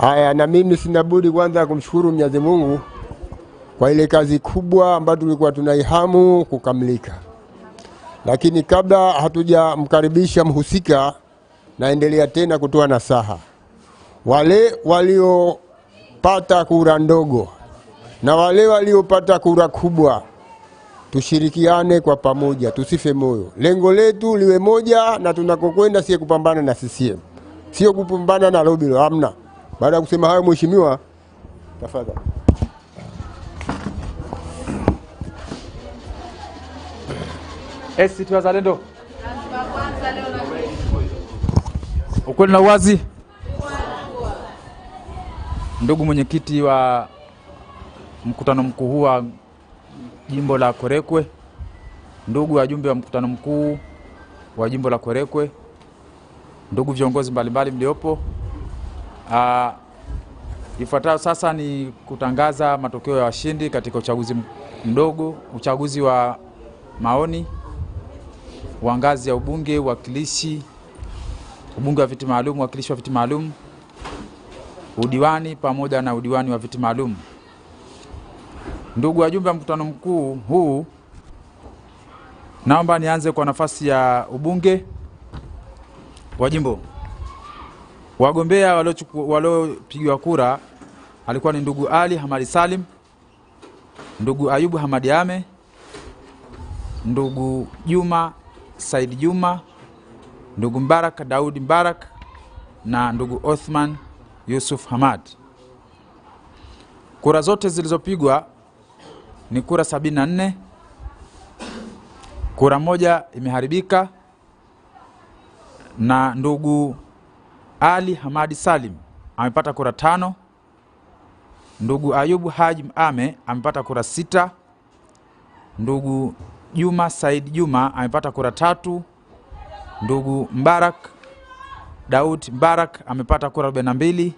Haya, na mimi sina budi kwanza kumshukuru Mwenyezi Mungu kwa ile kazi kubwa ambayo tulikuwa tunaihamu kukamilika, lakini kabla hatujamkaribisha mhusika, naendelea tena kutoa nasaha wale waliopata kura ndogo na wale waliopata kura kubwa, tushirikiane kwa pamoja, tusife moyo. Lengo letu liwe moja, na tunakokwenda sie kupambana na CCM, sio kupambana na lobilo, hamna baada ya kusema hayo, mheshimiwa, tafadhali. ACT Wazalendo, ukweli na uwazi. Ndugu mwenyekiti wa mkutano mkuu huu wa jimbo la korekwe ndugu wajumbe wa mkutano mkuu wa jimbo la Kwerekwe, ndugu viongozi mbalimbali mliopo Uh, ifuatayo sasa ni kutangaza matokeo ya washindi katika uchaguzi mdogo, uchaguzi wa maoni wa ngazi ya ubunge, uwakilishi, ubunge wa viti maalum, uwakilishi wa viti maalum, udiwani pamoja na udiwani wa viti maalum. Ndugu wajumbe wa mkutano mkuu huu, naomba nianze kwa nafasi ya ubunge wa jimbo. Wagombea waliopigwa kura alikuwa ni ndugu Ali Hamadi Salim, ndugu Ayubu Hamadi Ame, ndugu Juma Said Juma, ndugu Mbarak Daudi Mbarak na ndugu Othman Yusuf Hamad. Kura zote zilizopigwa ni kura 74. Kura moja imeharibika na ndugu ali Hamadi Salim amepata kura tano. Ndugu Ayubu Haji Ame amepata kura sita. Ndugu Juma Said Juma amepata kura tatu. Ndugu Mbarak Daud Mbarak amepata kura 42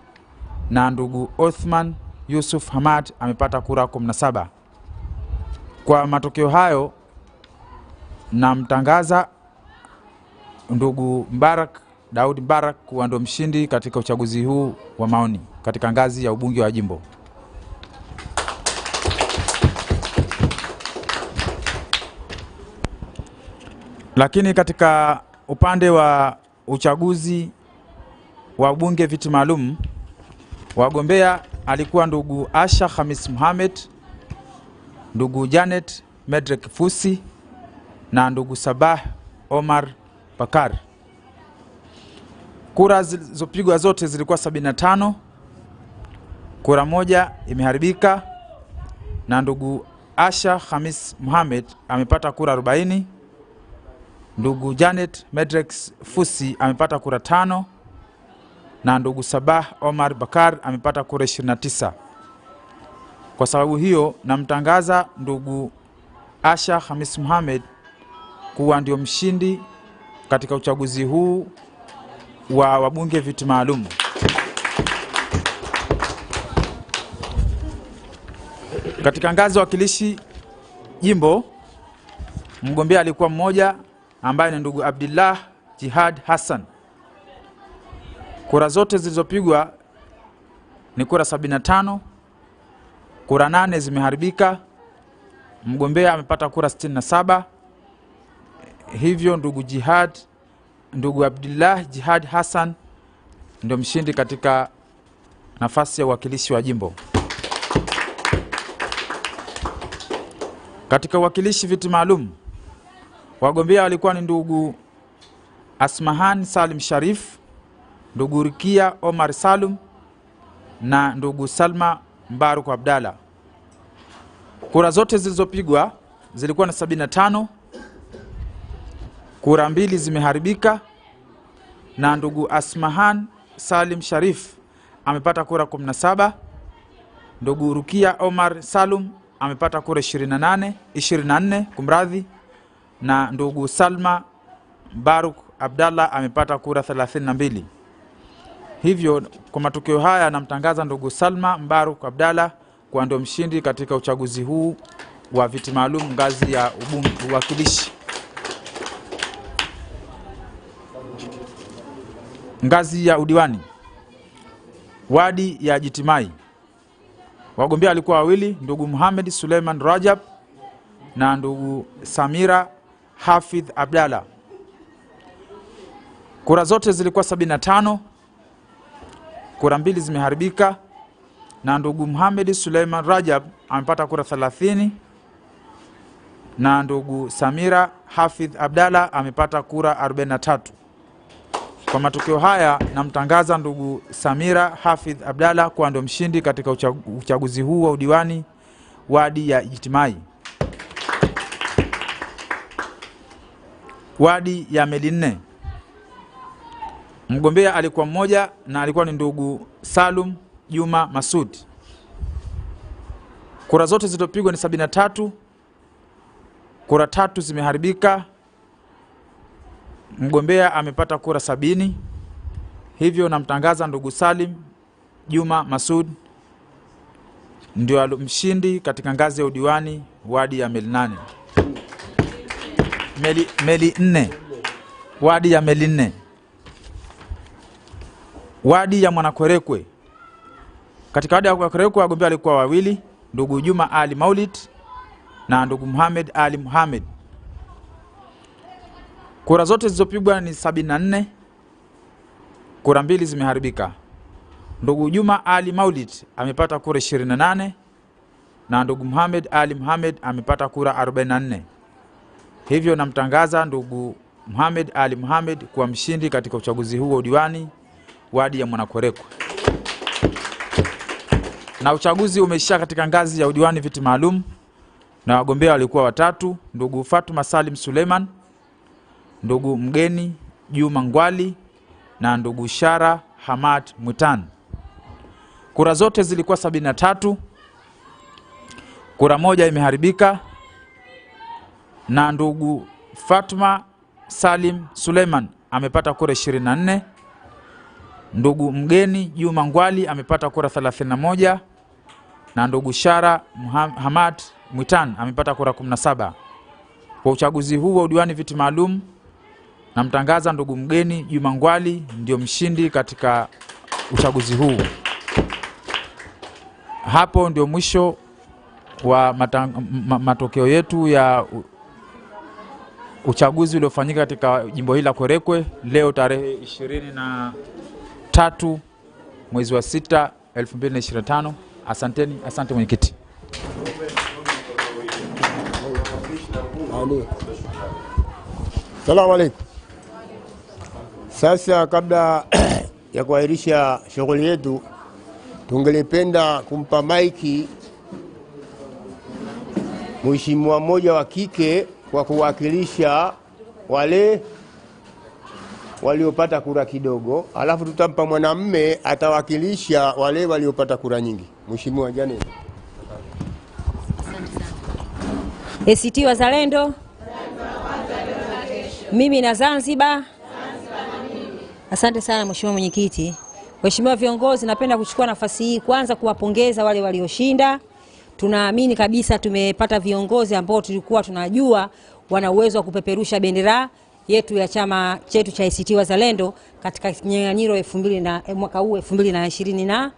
na ndugu Othman Yusuf Hamad amepata kura 17. Kwa matokeo hayo namtangaza ndugu Mbarak Daud Mbarak kuwa ndo mshindi katika uchaguzi huu wa maoni katika ngazi ya ubunge wa jimbo. Lakini katika upande wa uchaguzi wa bunge viti maalum wagombea alikuwa ndugu Asha Khamis Mohamed, ndugu Janet Medrek Fusi na ndugu Sabah Omar Bakar. Kura zilizopigwa zote zilikuwa 75. Kura moja imeharibika na ndugu Asha Hamis Mohamed amepata kura 40. Ndugu Janet Medrex Fusi amepata kura tano na ndugu Sabah Omar Bakar amepata kura 29. Kwa sababu hiyo, namtangaza ndugu Asha Hamis Mohamed kuwa ndio mshindi katika uchaguzi huu wa wabunge viti maalum. Katika ngazi ya wakilishi jimbo, mgombea alikuwa mmoja ambaye ni ndugu Abdullah Jihad Hassan. Kura zote zilizopigwa ni kura 75, kura nane zimeharibika. Mgombea amepata kura 67, hivyo ndugu Jihad ndugu Abdullah Jihad Hassan ndio mshindi katika nafasi ya uwakilishi wa jimbo. Katika uwakilishi viti maalum, wagombea walikuwa ni ndugu Asmahan Salim Sharif, ndugu Rikia Omar Salum na ndugu Salma Mbaruk Abdalla. Kura zote zilizopigwa zilikuwa na 75 Kura mbili zimeharibika na ndugu Asmahan Salim Sharif amepata kura 17, ndugu Rukia Omar Salum amepata kura 28, 24 kumradhi, na ndugu Salma Baruk Abdallah amepata kura 32. Hivyo kwa matokeo haya anamtangaza ndugu Salma Mbaruk Abdallah kuwa ndio mshindi katika uchaguzi huu wa viti maalum ngazi ya ubunge uwakilishi. ngazi ya udiwani, wadi ya Jitimai. Wagombea walikuwa wawili, ndugu Muhamed Suleiman Rajab na ndugu Samira Hafidh Abdalla. Kura zote zilikuwa 75, kura mbili zimeharibika na ndugu Muhamed Suleiman Rajab amepata kura 30 na ndugu Samira Hafidh Abdalla amepata kura 43. Kwa matokeo haya, namtangaza ndugu Samira Hafidh Abdalla kuwa ndio mshindi katika uchaguzi huu wa udiwani wadi ya Ijtimai, wadi ya Medinne. Mgombea alikuwa mmoja na alikuwa ni ndugu Salum Juma Masud. Kura zote zilizopigwa ni 73. Kura tatu zimeharibika Mgombea amepata kura sabini. Hivyo namtangaza ndugu Salim Juma Masud ndio mshindi katika ngazi ya udiwani wadi ya Meli nane Meli, Meli nne wadi ya Meli nne wadi ya Mwanakwerekwe. Katika wadi ya Mwanakwerekwe wagombea walikuwa wawili, ndugu Juma Ali Maulid na ndugu Muhamed Ali Muhamed. Kura zote zilizopigwa ni 74, kura mbili zimeharibika. Ndugu Juma Ali Maulid amepata kura 28 na ndugu Muhamed Ali Muhamed amepata kura 44. Hivyo namtangaza ndugu Muhamed Ali Muhamed kuwa mshindi katika uchaguzi huu wa udiwani wadi ya Mwanakwerekwe, na uchaguzi umeisha katika ngazi ya udiwani viti maalum, na wagombea walikuwa watatu: ndugu Fatuma Salim Suleiman ndugu mgeni Juma Ngwali na ndugu Shara Hamad Mwitan. Kura zote zilikuwa 73. Kura moja imeharibika na ndugu Fatma Salim Suleiman amepata kura 24. Ndugu mgeni Juma Ngwali amepata kura 31 na ndugu Shara Hamad Mwitan amepata kura 17. Kwa uchaguzi huu wa udiwani viti maalum Namtangaza ndugu mgeni Juma Ngwali ndio mshindi katika uchaguzi huu. Hapo ndio mwisho wa matokeo yetu ya uchaguzi uliofanyika katika jimbo hili la Kwerekwe leo tarehe 23 mwezi wa 6 2025. Asanteni, asante mwenyekiti. Salamu alaikum. Sasa kabla ya kuahirisha shughuli yetu, tungelipenda kumpa maiki mheshimiwa mmoja wa kike kwa kuwakilisha wale waliopata kura kidogo, alafu tutampa mwanamme atawakilisha wale waliopata kura nyingi. Mheshimiwa Janet. ACT Wazalendo, mimi na Zanzibar Asante sana Mheshimiwa Mwenyekiti. Mheshimiwa viongozi, napenda kuchukua nafasi hii kwanza kuwapongeza wale walioshinda. Tunaamini kabisa tumepata viongozi ambao tulikuwa tunajua wana uwezo wa kupeperusha bendera yetu ya chama chetu cha ACT Wazalendo katika kinyang'anyiro mwaka huu 2025.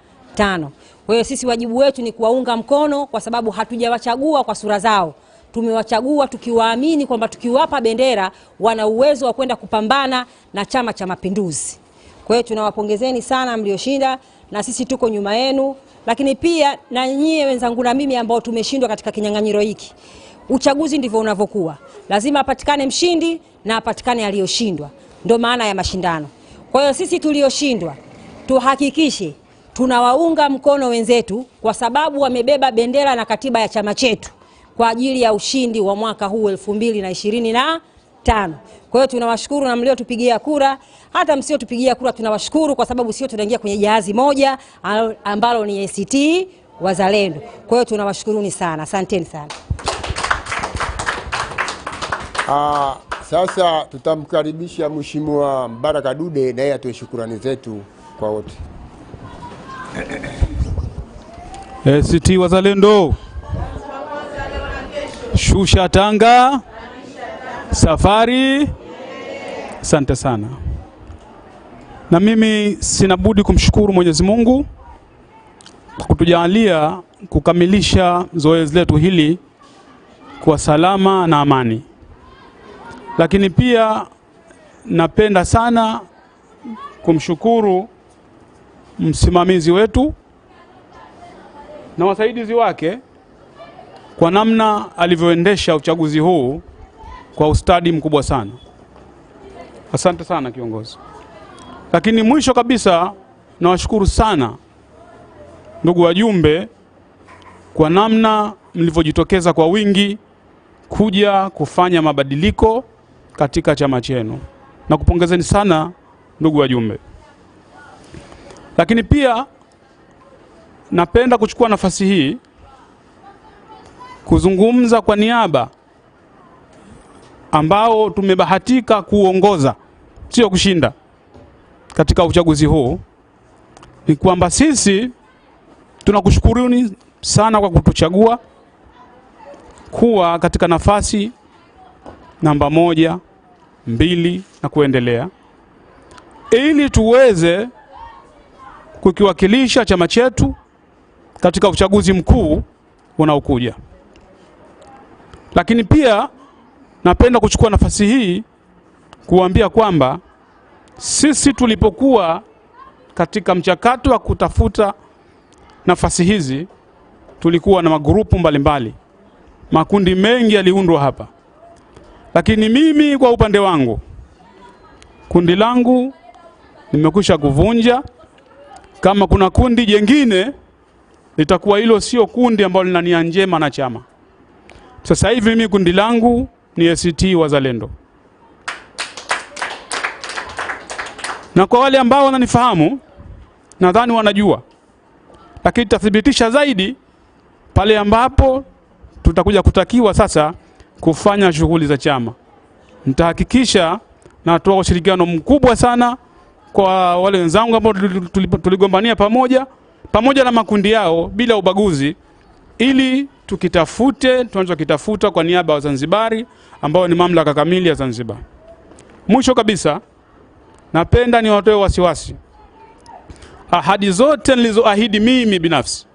Kwa hiyo sisi wajibu wetu ni kuwaunga mkono kwa sababu hatujawachagua kwa sura zao tumewachagua tukiwaamini kwamba tukiwapa bendera wana uwezo wa kwenda kupambana na Chama cha Mapinduzi. Kwa hiyo tunawapongezeni sana mlioshinda, na sisi tuko nyuma yenu, lakini pia na nyie wenzangu na mimi ambao tumeshindwa katika kinyang'anyiro hiki. Uchaguzi ndivyo unavyokuwa, lazima apatikane mshindi na apatikane aliyoshindwa, ndio maana ya mashindano. Kwa hiyo sisi tulioshindwa tuhakikishe tunawaunga mkono wenzetu, kwa sababu wamebeba bendera na katiba ya chama chetu kwa ajili ya ushindi wa mwaka huu elfu mbili na ishirini na tano. Kwa hiyo tunawashukuru na mliotupigia kura, hata msiotupigia kura tunawashukuru, kwa sababu sio tunaingia kwenye jahazi moja ambalo ni ACT Wazalendo. Kwa hiyo tunawashukuruni sana, asanteni sana. Aa, ah, sasa tutamkaribisha Mheshimiwa Mbaraka Dude na atoe shukurani zetu kwa wote. ACT Wazalendo Shusha tanga, safari. Asante sana. Na mimi sina budi kumshukuru Mwenyezi Mungu kwa kutujalia kukamilisha zoezi letu hili kwa salama na amani, lakini pia napenda sana kumshukuru msimamizi wetu na wasaidizi wake kwa namna alivyoendesha uchaguzi huu kwa ustadi mkubwa sana. Asante sana kiongozi. Lakini mwisho kabisa, nawashukuru sana ndugu wajumbe kwa namna mlivyojitokeza kwa wingi kuja kufanya mabadiliko katika chama chenu, na kupongezeni sana ndugu wajumbe. Lakini pia napenda kuchukua nafasi hii kuzungumza kwa niaba ambao tumebahatika kuongoza, sio kushinda katika uchaguzi huu, ni kwamba sisi tunakushukuruni sana kwa kutuchagua kuwa katika nafasi namba moja, mbili na kuendelea, ili tuweze kukiwakilisha chama chetu katika uchaguzi mkuu unaokuja. Lakini pia napenda kuchukua nafasi hii kuambia kwamba sisi tulipokuwa katika mchakato wa kutafuta nafasi hizi tulikuwa na magrupu mbalimbali mbali. Makundi mengi yaliundwa hapa, lakini mimi kwa upande wangu kundi langu nimekwisha kuvunja. Kama kuna kundi jengine litakuwa hilo sio kundi ambalo lina nia njema na chama. Sasa hivi mimi kundi langu ni ACT Wazalendo, na kwa wale ambao wananifahamu nadhani wanajua, lakini tathibitisha zaidi pale ambapo tutakuja kutakiwa sasa kufanya shughuli za chama. Nitahakikisha natoa ushirikiano mkubwa sana kwa wale wenzangu ambao tuligombania pamoja, pamoja na makundi yao bila ubaguzi, ili tukitafute tunachokitafuta kwa niaba ya Wazanzibari ambao ni mamlaka kamili ya Zanzibar. Mwisho kabisa, napenda niwatoe wasiwasi, ahadi zote nilizoahidi mimi binafsi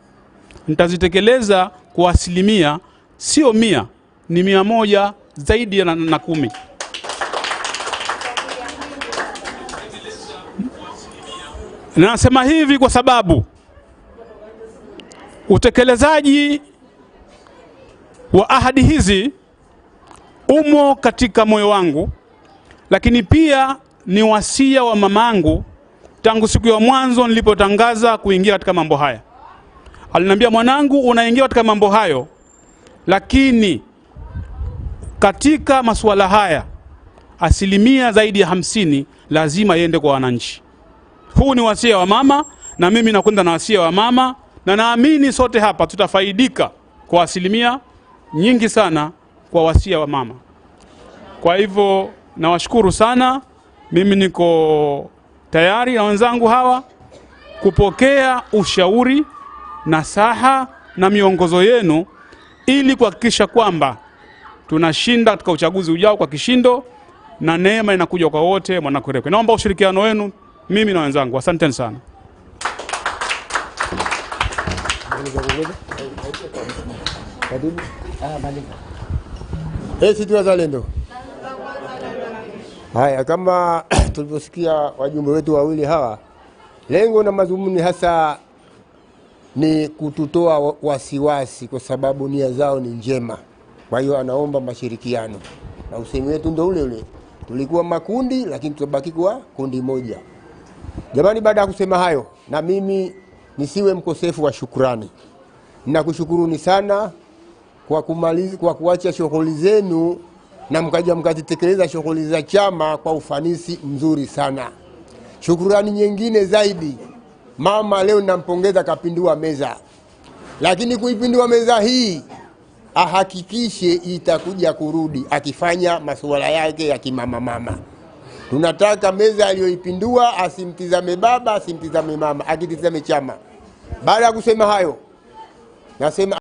nitazitekeleza kwa asilimia, sio mia, ni mia moja zaidi ya na, na kumi. Nasema hivi kwa sababu Utekelezaji wa ahadi hizi umo katika moyo wangu, lakini pia ni wasia wa mamangu tangu siku ya mwanzo nilipotangaza kuingia katika mambo haya. Aliniambia, mwanangu, unaingia katika mambo hayo, lakini katika masuala haya asilimia zaidi ya hamsini lazima iende kwa wananchi. Huu ni wasia wa mama, na mimi nakwenda na wasia wa mama na naamini sote hapa tutafaidika kwa asilimia nyingi sana kwa wasia wa mama. Kwa hivyo nawashukuru sana, mimi niko tayari na wenzangu hawa kupokea ushauri, na saha na miongozo yenu ili kuhakikisha kwamba tunashinda katika uchaguzi ujao kwa kishindo na neema inakuja kwa wote Mwanakwerekwe. Naomba ushirikiano wenu mimi na wenzangu. Asanteni sana. Karibu. ACT Wazalendo. Haya, kama tulivyosikia wajumbe wetu wawili hawa, lengo na madhumuni hasa ni kututoa wasiwasi, kwa sababu nia zao ni njema. Kwa hiyo anaomba mashirikiano, na usemi wetu ndo ule ule, tulikuwa makundi lakini tutabaki kuwa kundi moja. Jamani, baada ya kusema hayo, na mimi nisiwe mkosefu wa shukrani. Nakushukuruni sana kwa kumaliza, kwa kuacha shughuli zenu na mkaja mkazitekeleza shughuli za chama kwa ufanisi mzuri sana. Shukurani nyingine zaidi, mama leo nampongeza, kapindua meza, lakini kuipindua meza hii ahakikishe itakuja kurudi akifanya masuala yake ya kimama mama. Tunataka meza aliyoipindua asimtizame baba, asimtizame mama, akitizame chama. Baada ya kusema hayo, nasema